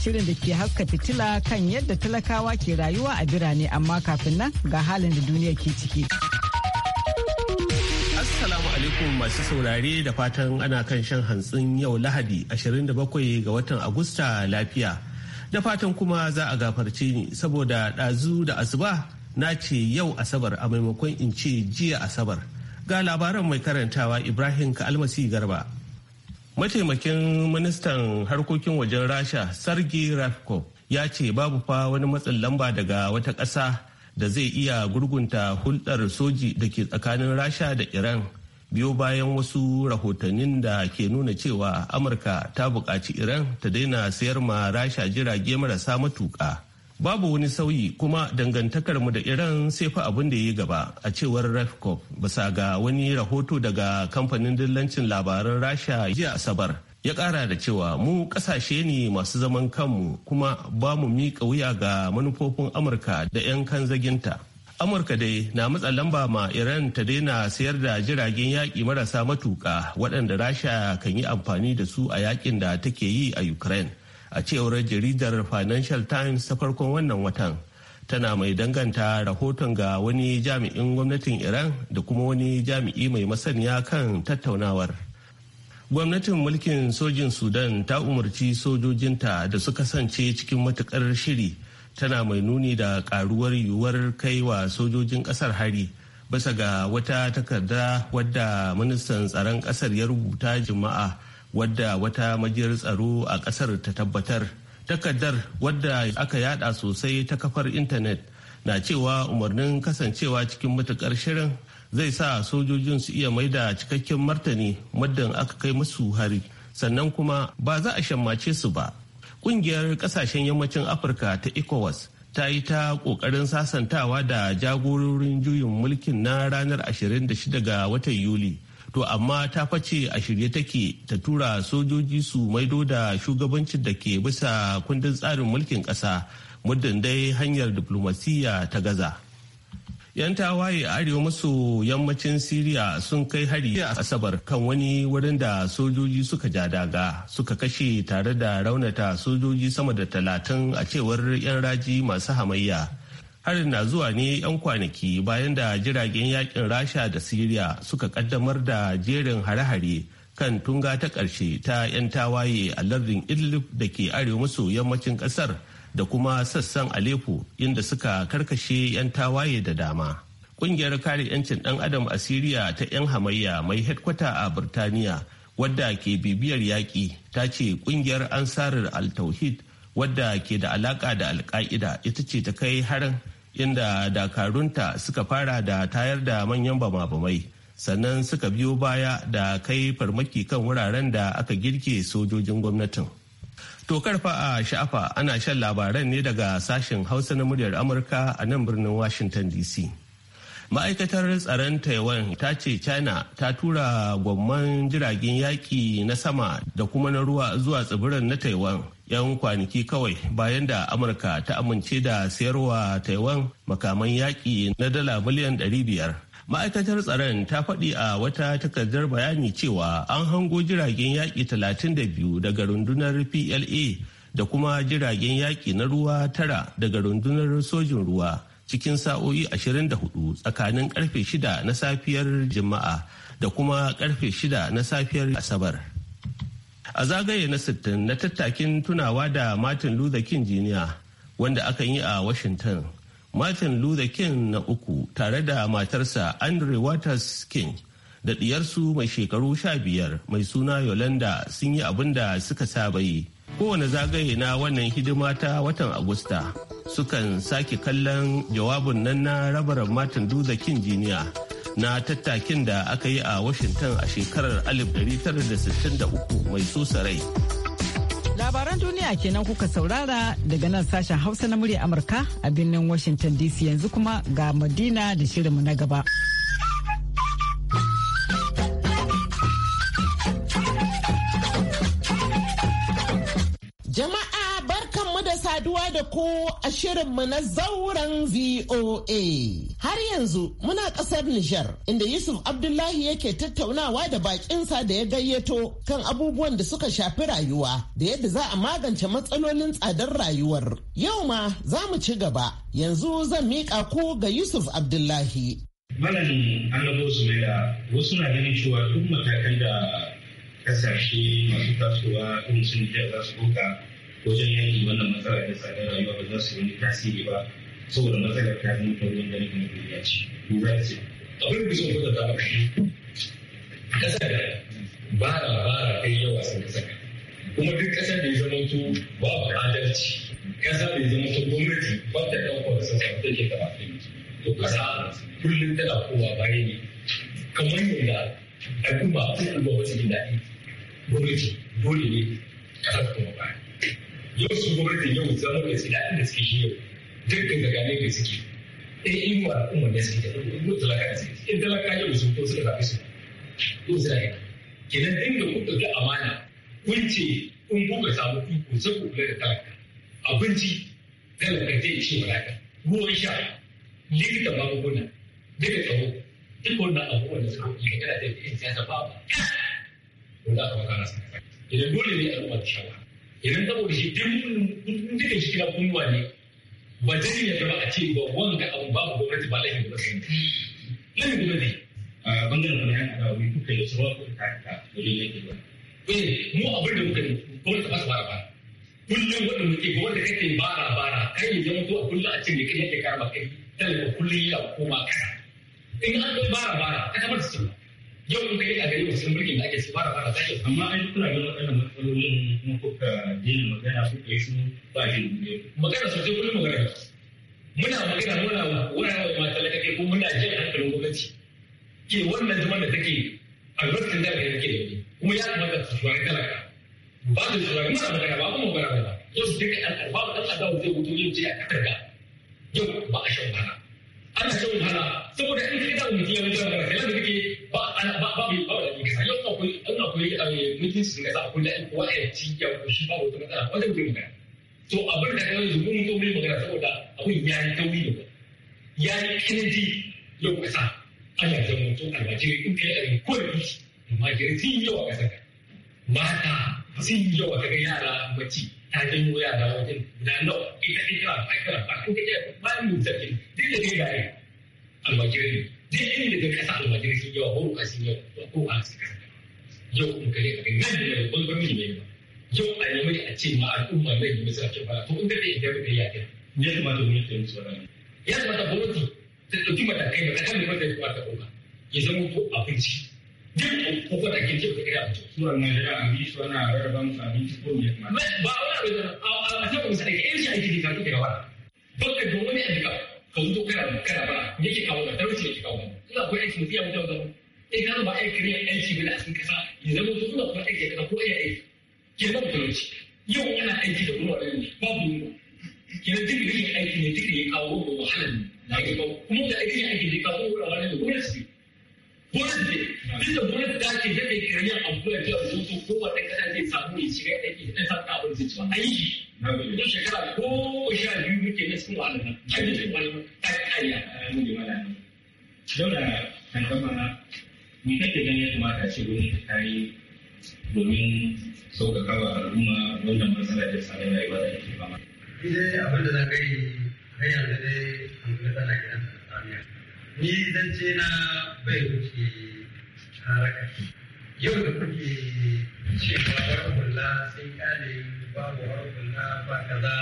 shirin da ke haska fitila kan yadda talakawa ke rayuwa a birane amma kafin nan ga halin da duniya ke ciki. Assalamu alaikum masu saurare da fatan ana kan shan hantsin yau Lahadi 27 ga watan Agusta lafiya. Da fatan kuma za a gafarci ni saboda ɗazu da asuba na ce yau Asabar a maimakon in ce jiya Asabar. Ga labaran mai karantawa Ibrahim Ka'almasi Garba. mataimakin ministan harkokin wajen rasha sargi rafkov ya ce babu fa wani matsin lamba daga wata ƙasa da zai iya gurgunta hulɗar soji da ke tsakanin rasha da iran biyo bayan wasu rahotannin da ke nuna cewa amurka ta buƙaci iran ta daina sayar ma rasha jirage marasa matuƙa babu wani sauyi kuma dangantakar mu da iran sai fa abin da ya yi gaba a cewar refcop bisa ga wani rahoto daga kamfanin dillancin labaran rasha jiya asabar ya kara da cewa mu kasashe ne masu zaman kanmu kuma ba mu miƙa wuya ga manufofin amurka da 'yan kan zaginta amurka dai na matsa lamba ma iran ta daina sayar da jiragen yaƙi marasa matuƙa waɗanda rasha kan yi amfani da su a yaƙin da take yi a ukraine a cewar jaridar financial times ta farkon wannan watan tana mai danganta rahoton ga wani jami'in gwamnatin iran da kuma wani jami'i mai masaniya kan tattaunawar gwamnatin mulkin sojin sudan ta umarci sojojinta da su kasance cikin matukar shiri tana mai nuni da karuwar yiwuwar kai wa sojojin kasar hari bisa ga wata takarda wadda ministan tsaron kasar ya rubuta jima'a wadda wata majiyar tsaro a kasar ta tabbatar takardar wadda aka yada sosai ta kafar intanet na cewa umarnin kasancewa cikin matukar shirin zai sa sojojin su iya maida cikakken martani muddin aka kai musu hari sannan kuma ba za a shammace su ba kungiyar kasashen yammacin afirka ta ecowas ta yi ta kokarin sasantawa da jagororin juyin mulkin na ranar 26 ga watan yuli to amma ta face a shirye take ta tura sojoji su maido da shugabancin da ke bisa kundin tsarin mulkin ƙasa muddin dai hanyar diplomasiyya ta gaza. 'yan tawaye a arewa maso yammacin siriya sun kai hari a asabar kan wani wurin da sojoji suka ja daga suka kashe tare da raunata sojoji sama da talatin a cewar 'yan raji masu hamayya harin na zuwa ne 'yan kwanaki bayan da jiragen yakin rasha da siriya suka kaddamar da jerin hare-hare kan tunga ta ƙarshe ta 'yan tawaye a lardin idlib da ke arewa maso yammacin ƙasar da kuma sassan aleppo inda suka karkashe 'yan tawaye da dama ƙungiyar kare 'yancin ɗan adam a siriya ta 'yan hamayya mai hedkwata a birtaniya wadda ke bibiyar yaƙi ta ce ƙungiyar ansarar al-tauhid wadda ke da alaka da alka'ida ita ce ta kai harin inda dakarunta suka fara da tayar da manyan bama-bamai sannan suka biyo baya da kai farmaki kan wuraren da aka girke sojojin gwamnatin. Tokar fa a sha'afa ana shan labaran ne daga sashen Hausa na muryar Amurka a nan birnin Washington DC. Ma'aikatar tsaron Taiwan ta ce China ta tura gwamman jiragen yaƙi na sama da kuma na ruwa zuwa tsibirin na Taiwan 'yan kwanaki kawai bayan da amurka ta amince da sayarwa taiwan makaman yaƙi na dala miliyan 500 ma'aikatar tsaron ta faɗi a wata takardar bayani cewa an hango jiragen yaƙi 32 daga rundunar pla da kuma jiragen yaƙi na ruwa tara daga rundunar sojin ruwa cikin sa'o'i 24 tsakanin karfe 6 na safiyar jima'a da kuma karfe 6 na safiyar asabar. a zagaye na 60 na tattakin tunawa da martin luther king jr wanda aka yi a washington martin luther king na uku tare da matarsa andre waters king da ɗiyarsu mai shekaru sha biyar mai suna yolanda sun yi abin da suka saba yi kowane zagaye na wannan hidima ta watan agusta sukan sake kallon jawabin nan na rabarar martin luther king jr na tattakin da aka yi a Washington a shekarar 1963 mai sosa rai. Labaran duniya kenan kuka saurara daga nan sashen Hausa na murya Amurka a birnin Washington DC yanzu kuma ga Madina da shirinmu na gaba. saduwa da ku a shirinmu na zauren VOA. Har yanzu muna ƙasar Nijar, inda Yusuf Abdullahi yake tattaunawa da bakinsa da ya gayyato kan abubuwan da suka shafi rayuwa da yadda za a magance matsalolin tsadar rayuwar. Yau ma za mu ci gaba, yanzu zan miƙa ku ga Yusuf Abdullahi. Malamin Annabo wasu na ganin cewa duk matakan da kasashe masu tasowa sun za su wajen yaki wannan matsala ta tsadar rayuwa ba za su yi tasiri ba saboda matsalar ta zama ta ruwan kuma duniya ce ku za ce abin da zai ta maka shi kasa da bara bara kai yawa sun kasa kuma duk ƙasa da ya zama to babu adalci kasa da ya zama to gwamnati ba ta ɗaukar sassa ke take da to kasa kullum tana kowa bayan ne kamar yadda al'umma ba su wasu daɗi. gwamnati dole ne kasar kuma baya yau su gwamnatin yau za mu ɗauki daɗin da suke shi eh, yau dukkan gane da suke ɗaya inuwa al'umma da suke da mu talaka da suke in talaka yau su ko suka zafi su ko su yi kenan da kuka ga amana kun ce in kuka samu ko sai ku kula da talaka abinci talaka zai ishe wadata ruwan sha likita magunguna daga tsaro duk wannan abubuwan da suka yi ga kana da yin siyasa babu wanda aka maka nasu idan dole ne al'umma ta shawara idan ta shi duk mun duka shi kira kunnuwa ne ba jini ya zama a ce ba wanga abu ba gwamnati ba laifin gwamnati laifin ne a bangaren wani yana da wani kuka yi sarwa kuka kaka wajen yanki ba eh mu abin da muka gwamnati ba su fara. ba kullum wanda muke ga wanda kake bara bara kai ya zama to a kullum a ce ne kai yake karba kai talaka kullum ya koma kana in an bara bara ka tabbata su. yau mun kai a gari wasu san mulkin da ake su fara fara tashi amma an kuna ganin waɗannan matsalolin kuma kuka dina magana su yi su ba jin magana sosai kullum magana muna magana muna wurare ma talaka kai ko muna jin hankalin gwamnati ke wannan zaman da take albarkin da yake da kuma ya kamata su shugaban talaka ba su shugaban muna magana ba kuma magana ba yau su duka ɗan ba ɗan adawa zai wuto yau ce a ƙasar yau ba a shan bana ana shan wahala saboda in kai da mutum ya mutum gara kalan da kake ba ana ba ba ba da kike sai yau akwai an akwai mutum su ga akwai da ko ya ci ya kushi ba wata matsala wanda mutum ga to abin da kana zuwa mun tauri magana saboda abin ya yi tauri da ya yi kinji yau kasa ana zama mutum almajiri in kai a ko da amma jirgin yau a kasa mata sun yi yawa kaga yara bacci ta janyo yara wajen guda nawa ita ita a kira ba ko kaje ba ni mutakin duk da dai gare almajiri duk inda ka kasa almajiri sun yawa ko ka sun yawa ko ka sun kasa yau kuma kare a ganin da ne ban gwamnati ne ba yau a nemi a ce ma al'umma mai yi musu ake bara to in dai idan ka yi akin ya kamata kira. ta yi musu bara ya kamata gwamnati ta dauki matakai da kadan da mata ya kamata ɗauka ya zama ko abinci duk ko da kin cewa ko da suwar mai da abinci wannan rarraba musu abinci ko me ba ba wani abin da a ta musu da kin shi ake da kake da wani baka da wani abin ka ka wuto kana kana ba yake kawo da talauci yake kawo ina ko aiki biya wuta da E kana ba aiki ne aiki bila sun kasa ya zama to ina kuma aiki kana ko ai aiki ke ba talauci yau ana aiki da ruwa ɗin babu ke da duk aiki ne duk ne kawo wahalar da ake kuma da aiki ne aiki da kawo da gwamnati duk da gwamnati da ake daɗe a abubuwa da su su kowane kada zai samu ya shiga aiki da ta sata abin zai cewa aiki don shekara ko sha biyu muke na cikin walama har da cikin ta kariya daura kan kama ni kake ganin ya kamata ce wani ta domin sauƙaƙa wa al'umma wannan matsala da sa rayuwa rayuwa da yake fama. Ni abin da zan gani hanyar da dai hankali tana gidan Tanzania. ni zance na bai wuce haraka yau da kuke cewa warwalla sai kane babu warwalla ba kaza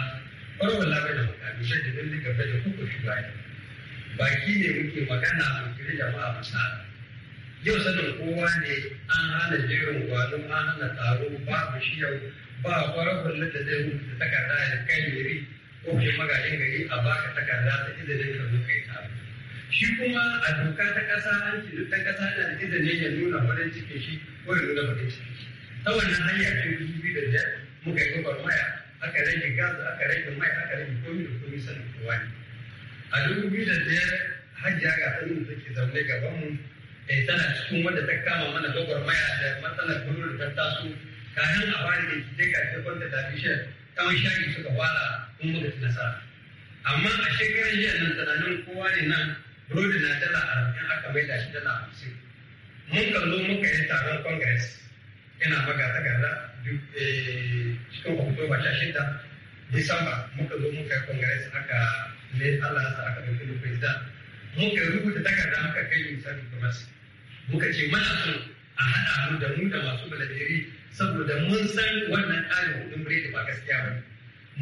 warwalla bai da makami shadda bin duka bai da kuka shi bai baki ne muke magana a kiri jama'a masara yau sanin kowa ne an hana jerin gwanon an hana taro babu shi yau ba warwalla da zai mutu takarda ya kai ne ko shi magajin gari a baka takarda ta izinin ka zo kai taro shi kuma a doka ta ƙasa an ce duk ta ƙasa na da izinin ya nuna farin ciki shi ko ya nuna farin ciki shi ta wannan hanya ta dubu bi da zai, muka yi gabar maya aka rage gas aka rage mai aka rage komi da komi sanin kowa ne a dubu biyu da zai, hajiya ga hannun da ke zaune gaban mu eh tana cikin wanda ta kama mana gabar maya da matsalar gudu da ta taso kafin a fara da ke ga ta kwanta da bishiyar kawai shaƙi suka fara kuma da nasara amma a shekarar jiya nan tsananin kowa ne nan Rodi na dala arba'in aka maida shi dala hamsin. Mun kallo muka yi taron Congress yana maga takarda eh, cikin Oktoba sha shida Disamba muka zo muka yi Congress aka ne Allah ya sa aka ɗauki da president. Muka rubuta takarda aka kai misali kamar muka ce mana son a haɗa mu da mu da masu balagiri saboda mun san wannan tsarin hudun bire da ba gaskiya ba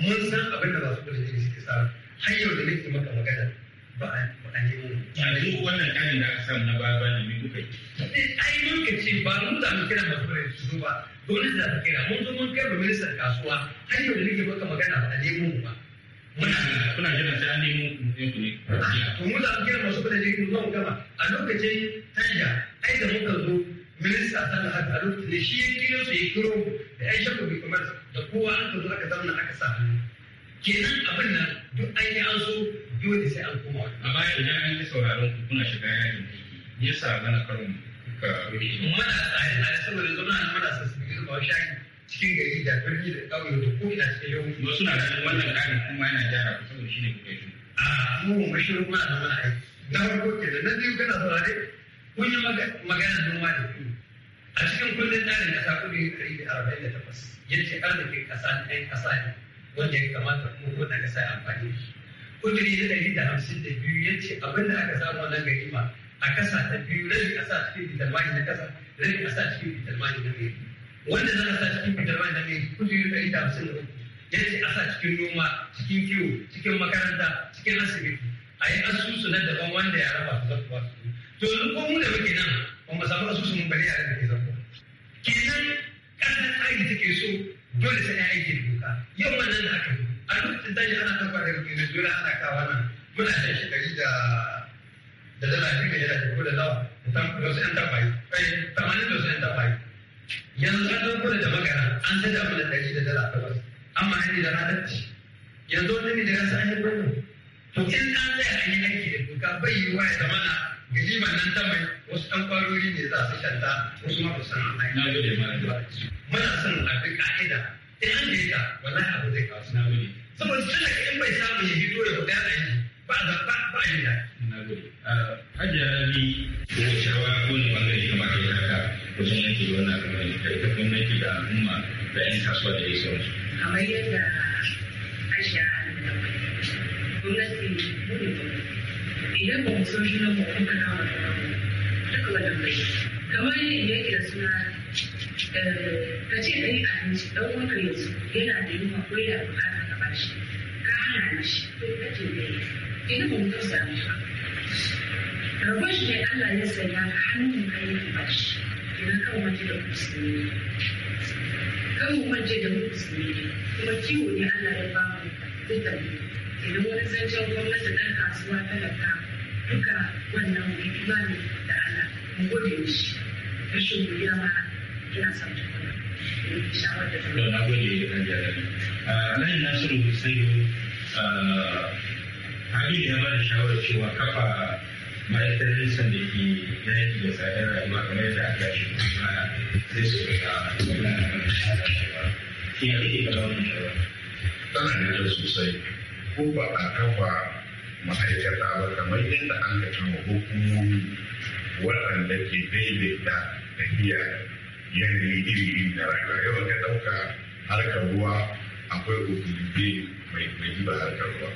mun san abin da masu balagiri suke samu har yau da nake maka magana ba a yi yanzu wannan ƙarin da aka samu na baya ba ne mai kuka yi. ai mun ka ce ba mun zamu kira masu rai su ba gwamnati za ta kira mun zo mun kai ba ministan kasuwa har yau da nake baka magana ba a nemo mu ba. kuna jira sai an nemo ku ne. Ah, to mun zamu kira masu rai ne kuma mu gama a lokacin tanja ai da muka zo minista ta da haka a lokacin da shi ya kira su ya kiro da ai shakku bi kamar da kowa an ka zo aka zauna aka sa hannu. kenan abin nan duk an yi an so dole sai an koma a baya idan an yi sauraron ku kuna shiga yayin da ya sa gana karon ka rufe mana tsare tsare saboda zama na mana sassabi ba shayi cikin gari da farki da ƙauye da ko ina cikin yau wasu na ganin wannan ƙarin kuma yana gyara ku saboda shine kuka yi a mu mu shiru kuna da mana aiki na farko ke da na biyu kana saurare kun yi magana noma da ku a cikin kundin tsarin ƙasa kuɗi ɗari da arba'in da takwas yadda arzikin ƙasa ɗan ƙasa ne wanda ya kamata ko ko ka sa amfani da shi kudiri na ɗari da hamsin da biyu ya ce abin da aka samu wannan ganima a kasa ta biyu rabi a sa cikin mani na kasa rabi a sa cikin mani na biyu. wanda za a sa cikin mani na gari kudiri ɗari da hamsin da uku ya ce a sa cikin noma cikin kiwo cikin makaranta cikin asibiti a yi asusu na daban wanda ya raba su zakuwa su to yanzu ko mu da muke nan ba mu samu asusu mu bari yaran da ke zakuwa kenan ƙasar aiki take so dole sai ya aiki da doka yau wannan da aka a lokacin da ana da daga dole ana kawo nan muna da shekari da da dala duka yana da lawa da da wasu yan tafayi kai eh, tamanin da wasu yan tafayi yanzu an zo da da magana an sai da mana dari da dala takwas amma an yi da radarci yanzu wani ne da ya san an yi to in an zai an yi aiki da doka bai yiwuwa ya zamana riban nan ta mai wasu ɗan ƙwarori ne za su shanta wasu ma ba san amfani. Na gode ma da Muna son a bi ka'ida. In an da ita wallahi abu zai kawo na gode. Saboda talaka in bai samu ya fito ya kuɗa aiki ba da ba ba yi da. Na gode. Ah, Hajiya Rabi ya ce wa kowane bangare kamata ya haka wajen yake da wannan al'amari da ita gwamnati da al'umma da 'yan kasuwa da ya sauransu. Kamar yadda Aisha gwamnati ne idan ba mu so shi nan mu kuka kama duka wannan bai kamar yadda yake da suna eh, ka ce ɗari abinci ɗan wanda yanzu yana da yunwa ko yana bukatar ka ba shi ka hana da shi, ko kake ce bai idan ba mu tausa mishi rabon shi ne Allah ya sanya ka hannun ka yake ba shi idan kan waje da musulmi kan waje da musulmi kuma kiwo ne Allah ya ba mu zai tabbata idan wani zancen gwamnati ɗan kasuwa talaka duka wannan imani da Allah mu gode mishi rashin godiya ma ina son tukuna shawar da tukuna. Na gode da jarabi. Alhaji Nasiru Hussainu Hamidu ya ba da shawarar cewa kafa ma'aikatar nisan da ke na yaki da tsadar rayuwa kamar yadda aka shi kuma zai so ta wannan shawarar Shi ya kake gaba wannan shawarar? Tana da sosai. ko ba a kafa ma'aikata ba kamar yadda an ka kama hukumomi waɗanda ke daidaita tafiya yanayi iri iri na rayuwa yawan ka ɗauka harkar ruwa akwai otulibe mai zuba harkar ruwa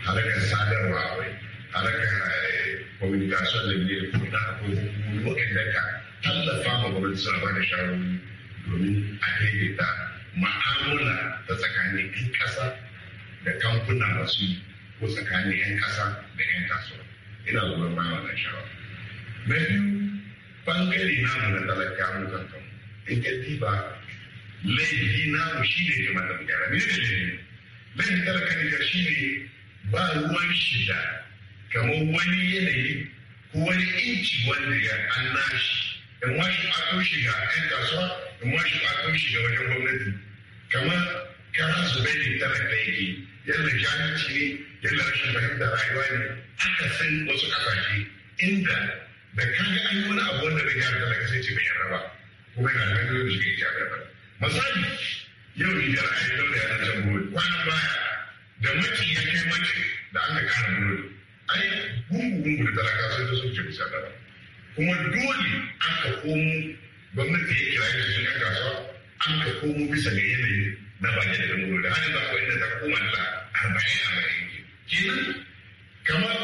harkar sadarwa akwai harkar eh, communication da ne kuma akwai hukumomi waɗanda ka tallafa ma gwamnati suna ba da shawarwari domin a daidaita ma'amula ta tsakanin ƙasa da kamfuna masu ko tsakanin 'yan kasa da 'yan kasuwa ina goyon bayan wannan shawar. na biyu bangare namu na talaka mu kankan in ka diba laifi namu shi ne ke mata gyara ne ne laifin talaka ka shi ne ba ruwan shida kamar wani yanayi ko wani inci wanda ya an nashi in washi ɓato shiga 'yan kasuwa in washi ɓato shiga wajen gwamnati kama. yaran su bai da talaka yake yadda jahilci ne yadda rashin fahimtar rayuwa ne aka san wasu kasashe inda da kaga an yi wani abu wanda bai gyara talaka sai ce bai yarda ba kuma yana da wani shi bai gyara ba misali yau ni da ra'ayi da ya nan can gobe kwanan baya da maki ya kai maki da aka kara dole ai gungu-gungu da talaka sai da sun ce bisa da ba kuma dole aka komo gwamnati ya kira shi sun yan kasuwa an ka komo bisa ga yanayin na bakin da nuru da hannun akwai da takuman la arba'in arba'in ne kenan kamar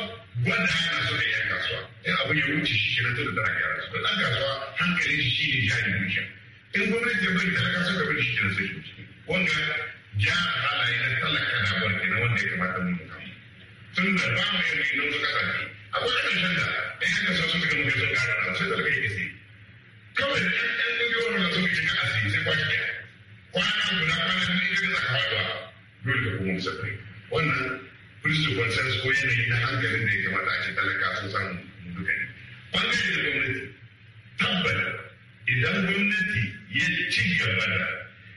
gwada ana so da yan kasuwa in abin ya wuce shi kenan tun da aka yara su da kasuwa hankalin shi shi ne jari dukiya in gwamnati ya bari talaka ka bari shi kenan sai wanga gyara halaye na talaka na bar kenan wanda ya kamata mu mutane tun da ba mu yin nan suka sani akwai ƙarshen da in yan kasuwa suka gama kai sun ƙara na sai talaka ya ke sai kawai da yan ƙungiyoyin da yi na asiri sai kwashi kwanan guda kwanan biyu da kaga dole kuma musafi wannan principal sense ko yanayi na hankalin da ya kamata a ce talaka sun samu duka ne bangare da gwamnati tabbata idan gwamnati ya ci gaba da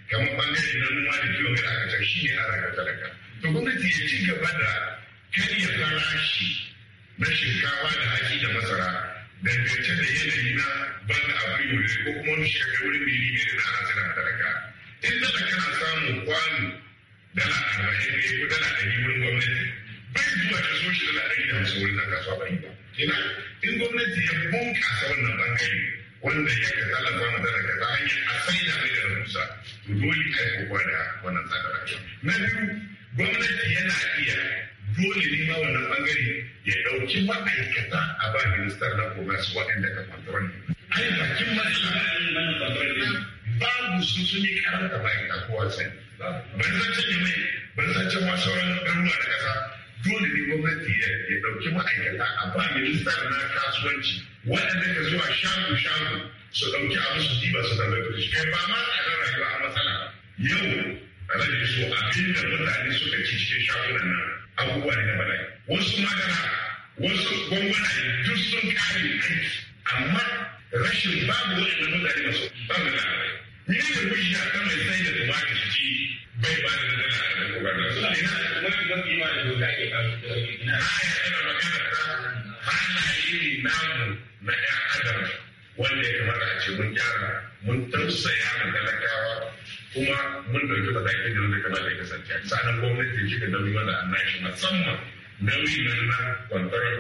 kamar bangare na noma da kiwon a aka can shi ne a ranar talaka to gwamnati ya ci gaba da karya farashi na shinkafa da haƙi da masara dangance da yanayi na ban da abin yau ko kuma wani shekaru wani milimi na asirar talaka in da kana samun kwano dala arba'in ne ko dala ɗari wurin gwamnati bai zuwa da so shi dala ɗari da hamsin wurin ɗan kasuwa bai ba ina in gwamnati ya bunƙasa wannan bangare wanda ya ka tallafa ma talaka ta hanyar a saida mai da rahusa to dole a yi kokowa da wannan tsadar rayuwa na biyu gwamnati yana iya dole ne ma wannan bangare ya ɗauki ma'aikata a ba ministar na commerce waɗanda ka kwantaroli ai bakin ma'aikata babu su su ne karanta bayan da kowa sani ban zance ne mai ban zance ma sauran ɗaruwa da ƙasa dole ne gwamnati ya ɗauki ma'aikata a ba minista na kasuwanci waɗanda ka zuwa shago shago su ɗauki abu su diba su ɗauki su kai ba ma tsadar rayuwa a matsala yau rage su abin da mutane suka ci cikin shagunan nan abubuwa ne na bala'i wasu magana wasu gwangwanaye duk sun kare aiki amma rashin babu wani mutane masu babu da ni da wuri na kan mai sai da kuma ka ci bai ba da dana a kan ina wani mafi ma da doka ke ba na aya tana magana ta halaye namu na ƴan adam wanda ya kamata a ce mun gyara mun tausaya ma talakawa kuma mun ɗauki matakin da wanda kamata ya kasance sa'an gwamnati ya da nauyi wanda an nashi musamman nauyin nan na kwantarar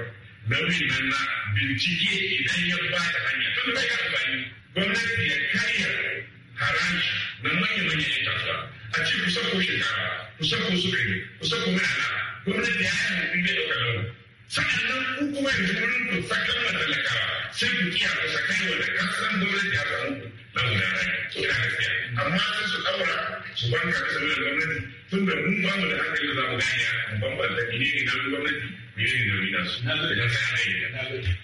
nauyin nan na bincike idan ya ba da hanya tun bai ka amfani gwamnati ya karya haraji na manya-manyan yan kasuwa a ce kusa ku sako shinkafa ku sako sukari ku sako mai ana gwamnati ya yi in bai ɗaukar launi sa'annan ku kuma yanzu wurin ku sakan matalakawa sai ku kiya ku sakai wanda kasan gwamnati ya samu launi na rai to ina gaskiya amma sai su ɗaura su banka da saboda gwamnati tun da mun ba mu da hankali da za mu gane ya bambanta ne ne na gwamnati ne ne na wina su da kan sa'a ne.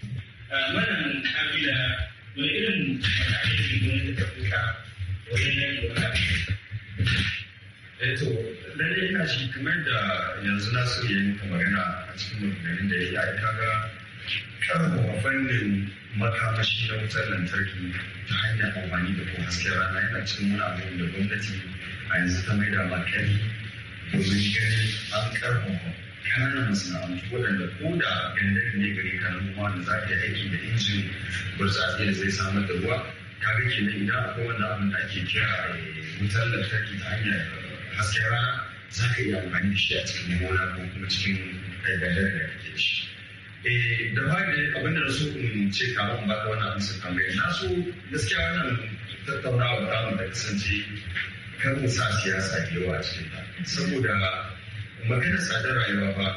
Wannan kabila wani irin matakai ne gwamnati ta fuka eto eh, lalle ina shi kamar da yanzu na so yi muka magana a cikin maganganun da ya yi ga karfafa fannin makamashi na wutar lantarki ta hanyar amfani da kuma hasken rana yana cikin wani abu da gwamnati a yanzu ta mai da makari domin ganin an karfafa kananan masana'antu waɗanda ko da gandar ne gari ka noma da za a aiki da injin burtsatse da zai samar da ruwa ya rike kenan idan akwai wanda abin da ake kira eh, wutar lantarki ta hanyar hasken rana za ka iya amfani da shi a cikin gona ko kuma cikin ɗaiɗaɗen da kake shi. Eh, da ba da abin da na so in ce kamar in wani abin amsa tambayar na so gaskiya wannan tattaunawa ta mu da kasance kar sa siyasa da yawa a cikin ta saboda magana tsadar rayuwa ba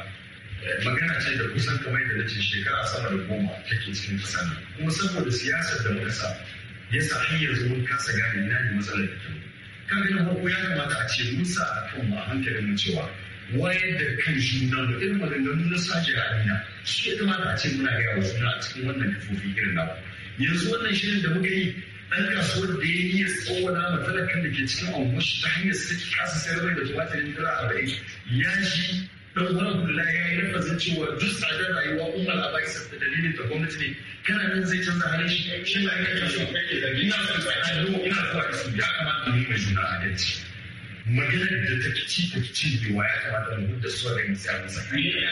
eh, magana ce da kusan kamar da na ce shekara sama da goma take cikin kasa kuma saboda siyasar da muka sa yasa har yanzu mun kasa gane ina ne matsalar take kaga na farko ya kamata a ce mun sa a kanmu a hankalin mu cewa wayar da kan juna da irin maganganu na sace ra'ayina shi ya kamata a ce muna gaya wa juna a cikin wannan kafofi irin nawa yanzu wannan shirin da muka yi ɗan kasuwar da ya yi tsawona ma kan da ke cikin anguwa ta hanyar saki kasa sayar da tumatirin dala arba'in ya ji don wani hula ya yi lafazin cewa duk tsadar rayuwa umar a bakisar da dalilin da gwamnati ne kana nan zai canza halin shi shi na kan shi kake da ina son tsakanin ina zuwa su ya kamata mu yi mai juna adalci maganar da ta ci ta ci ne wa ya kamata mu da su da misali tsakanin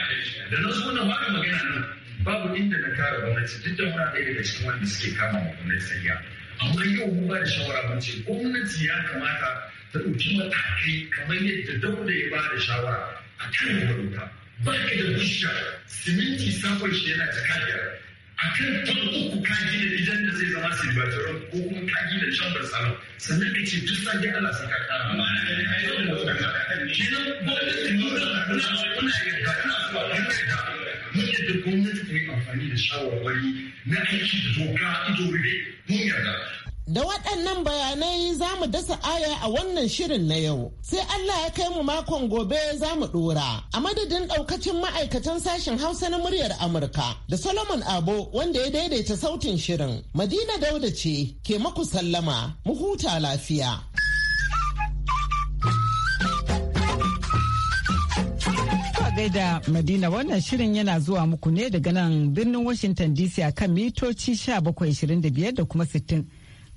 da na suna na magana nan babu inda na kara gwamnati duk da muna ɗaya daga cikin wanda suke kama wa gwamnati sariya amma yau mun ba da shawara mun ce gwamnati ya kamata ta ɗauki matakai kamar yadda dauda ya ba da shawara a kan rubuta ba ka da busha siminti samfur shi yana jaka biyar a kan ton uku ka gina gidan da zai zama silbatoron ko kuma ka gina shambar salon sannan ka ce duk sage Allah sai ka kara amma ana yi. ai yau da wata kenan gwamnati nuna na kuna yarda ina zuwa kan yarda mun yadda gwamnati ta yi amfani da shawarwari na aiki da doka ido rufe mun yarda Da waɗannan bayanai za mu dasa aya a wannan shirin na yau. Sai Allah ya kai mu makon gobe za mu ɗora. A madadin ɗaukacin ma'aikatan sashen Hausa na muryar Amurka da Solomon Abo wanda ya daidaita sautin shirin. Madina Dauda ce ke maku sallama mu huta lafiya. gaida Madina wannan shirin yana zuwa muku ne daga nan birnin Washington DC a kan mitoci 1725 da kuma 60.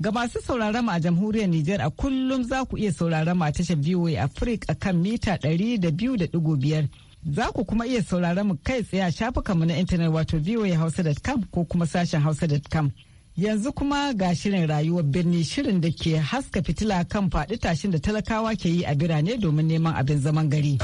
Ga masu sauraron mu a jamhuriyar Nijar a kullum za ku iya sauraron mu a tashar VOA Africa kan mita 200.5. Za ku kuma iya sauraron mu kai tsaye a mu na intanet wato voahausa.com ko kuma sashen hausa.com. Yanzu kuma ga shirin rayuwar birni shirin da ke haska fitila kan faɗi tashin da talakawa ke yi a birane domin neman abin zaman gari.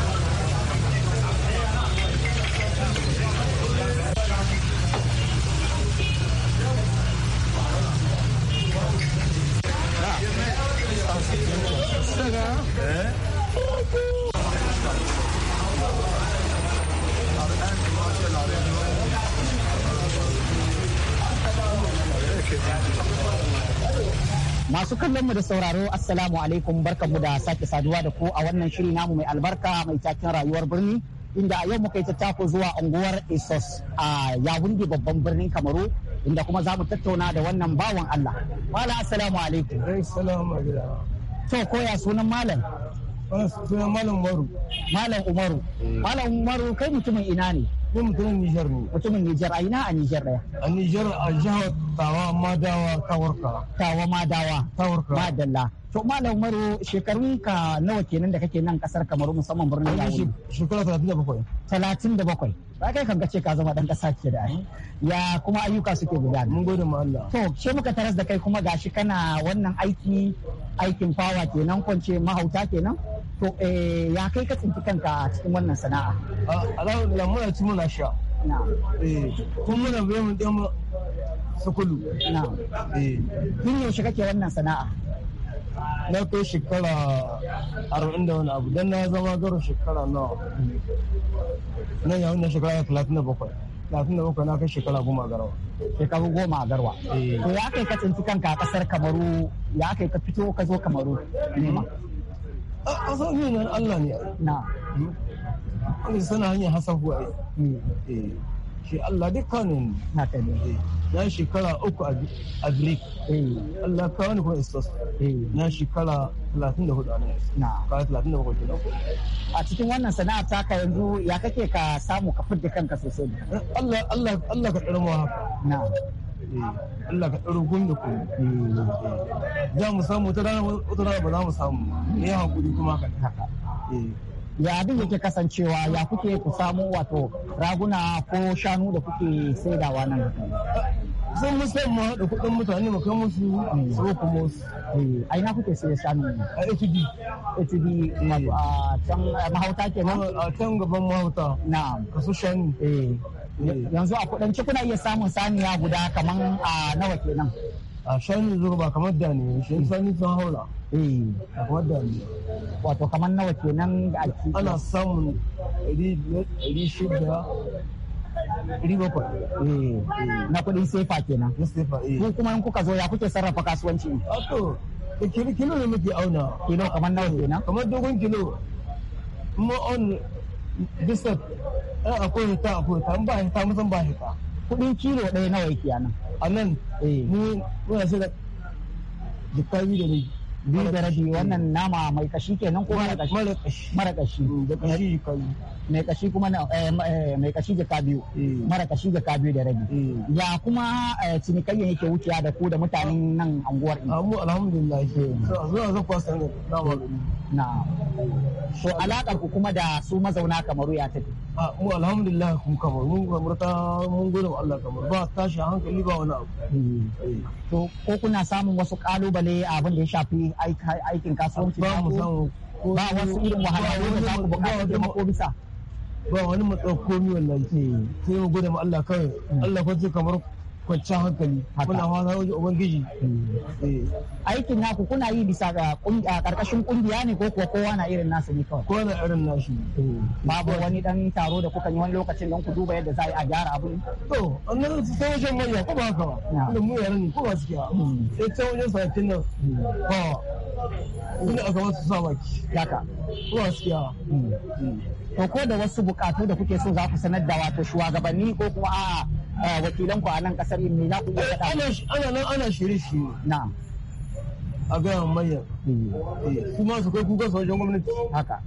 Masu kallon mu da sauraro Assalamu alaikum mu da sake saduwa da ku a wannan shiri namu mai albarka mai taken rayuwar birni inda a yau muka yi tattako zuwa unguwar Isos a Yawundi babban birnin Kamaru inda kuma za mu tattauna da wannan bawan Allah. Malam Assalamu alaikum. To koya sunan malam? Sunan malam Umaru. Malam Umaru. Malam Umaru kai mutumin ina ne? Ni mutumin Nijar ne. Mutumin Nijar a ina a Nijar ɗaya. A Nijar a jihar Tawa Madawa Kawarka. Tawa Madawa. Kawarka. Madalla. To Malam Umaru shekarun ka nawa kenan da kake nan kasar Kamaru musamman birnin Yaounde? Shekara talatin da bakwai. Talatin da bakwai. Ba kai kan ce ka zama dan kasa ke da Ya kuma ayyuka suke gudana. Mun gode ma Allah. To ke muka taras da kai kuma gashi kana wannan aiki aikin fawa kenan kwance mahauta kenan? to eh, ya kai ka tsinci kanka a cikin wannan sana'a A da muna ci muna sha kun eh, muna bai mun ɗan sukulu eh. tun yaushe kake wannan sana'a na kai shekara arba'in da wani abu don na zama garo shekara nawa nan yawon na shekara talatin da bakwai talatin da bakwai na kai shekara goma a garwa shekaru goma a garwa to ya kai ka tsinci kanka a kasar kamaru ya kai ka fito ka zo kamaru mm-hmm. asabi nan Allah ne na wani sana hanyar hasan huwa shi Allah dai kano ne na shekara uku a Greek Allah kawo ni kuma Istos na shekara 34 a nan na kawai 37 a cikin wannan sana'a ta ka yanzu ya kake ka samu ka fidda kanka sosai Allah Allah Allah ka tsare haka na Eh. Allah ka ɗaro gun da kuma eh. za mu samu ta rana wata rana ba za mu samu ne ya hakuri kuma ka haka eh. ya abin yake kasancewa ya kuke ku samu wato raguna ko shanu da kuke saidawa nan sun musu mu da kuɗin mutane mu kai musu hmm. su ku musu ai na kuke sai shanu a HD HD ma a can mahauta ke nan a can gaban mahauta na kasu shanu Eh, yanzu a kudance kuna iya samun saniya guda kaman a ah, nawa kenan a shani zurba kamar da ne shi sani sun haura eh kamar da ne wato kamar nawa kenan a cikin ana samun 600 riba kwa na kudin sefa kenan na sefa eh kuma in kuka zo ya kuke sarrafa kasuwanci to eh, kilo ne muke auna kilo kamar nawa kenan kamar dogon kilo mu on bisa ɗan eh, akwai hita akwai hita ba hita musan ba hita kudin kilo ɗaya nawa yake a nan a nan eh. ni muna sai da jikka biyu da ni biyu da rabi wannan nama mai kashi kenan ko mara kashi mara kashi mm, da kashi mai kashi kuma eh, mai kashi jikka biyu mara kashi jikka biyu da rabi ya kuma cinikayyan yake wuciya da ku da mutanen nan anguwar ɗin alhamdulillah zuwa zuwa kwasa ne na so alaƙar ku kuma da su mazauna kamaru ya tafi mu alhamdulillah kun kamaru mun ta mun gode wa Allah kamaru ba tashi hankali ba wani abu mm. to ko kuna samun wasu kalubale a abin da ya shafi aikin kasuwanci ba mu samu ba wasu irin wahalhalu da za ku buƙata taimako bisa ba wani matsar komi wallahi sai mu gode ma Allah kawai mm. Allah ce kamar kwanciyar hankali muna fata wajen ubangiji eh, aikin naku kuna yi bisa ga karkashin kungiya ne ko kuwa kowa na irin nasu ne kawai kowa na irin nasu babu wani dan taro da kuka yi wani lokacin don ku duba yadda za a gyara abu to annan sai wajen manya ko ba haka ba inda mu yaran ne ko ba su kiya hmm. sai can wajen sarakin nan ba hmm. inda aka wasu sa baki haka ko ba su hmm. to ko da wasu bukatu da kuke so za ku sanar da wato shugabanni ko kuma a ah, ah, wakilan ku a nan kasar me za ku iya faɗa eh, ana nan ana shirye na'am a gaya manyan eh, su kai kuka gwamnati haka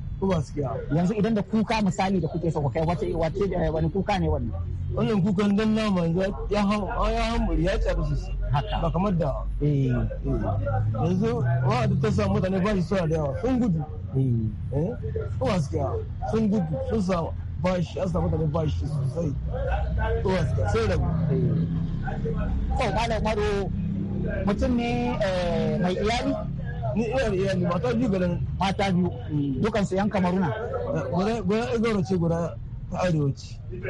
yanzu idan da kuka misali da kuke so kai wace wace da eh, wani kuka ne wannan wannan kukan dan nama yanzu ya ya hamburi ya tsare su haka ba kamar da eh. eh yanzu wa'adi ta sa mutane ba shi suna da yawa sun gudu eh ba su sun gudu sun samu shi an samu da sosai sai ko maro mutum ne eh, mai iyali ni ina iyali mata biyu garin mata biyu mm. dukan su yan kamaruna guda igoro ce guda ta arewa ce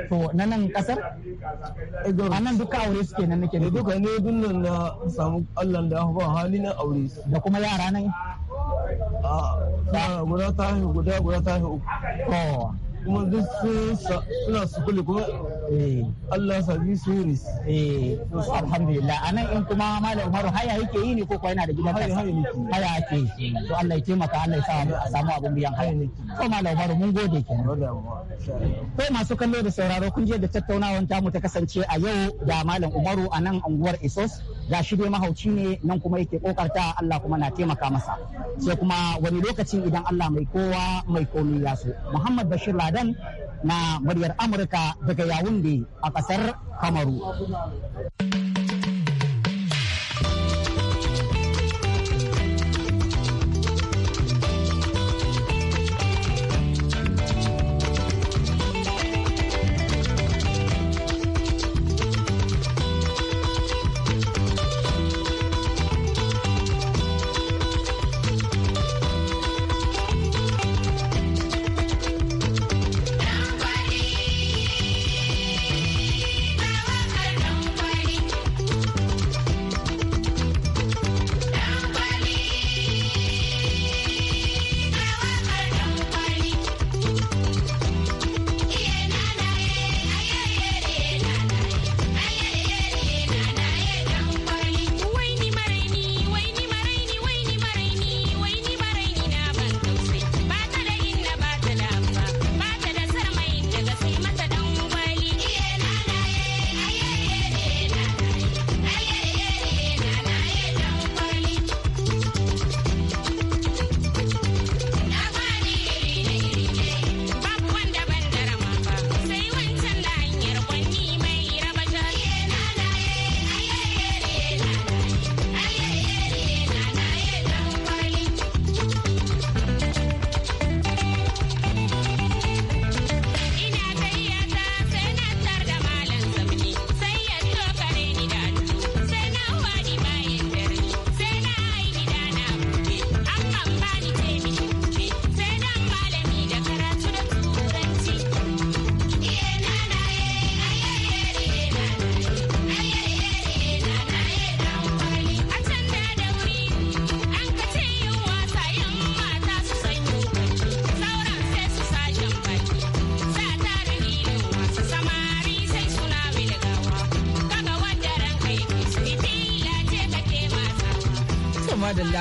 to na nan kasar a nan duka aure suke nan nake eh, ne duka ne nan na samu allah da ba hali na aure da kuma yara nan guda ta guda guda ta uku kuma duk suna sukuli kuma eh. Allah sami series. Eh, alhamdulillah. anan in kuma Malam Umaru haya yake yi ne ko kuwa yana da gidan kasa haya ake. To Allah ya taimaka Allah ya sa samu abin biyan haya. ko Malam Umaru mun gode ke. ko masu kallo da sauraro kun je da tattaunawar tamu ta kasance a yau da Malam Umaru a nan unguwar Isos. Ga shi dai mahauci ne nan kuma yake kokarta Allah kuma na taimaka masa. Sai kuma wani lokacin idan Allah mai kowa mai komai ya so. Muhammad Bashir Ladan Ladan na muryar Amurka daga Yawunde a ƙasar Kamaru.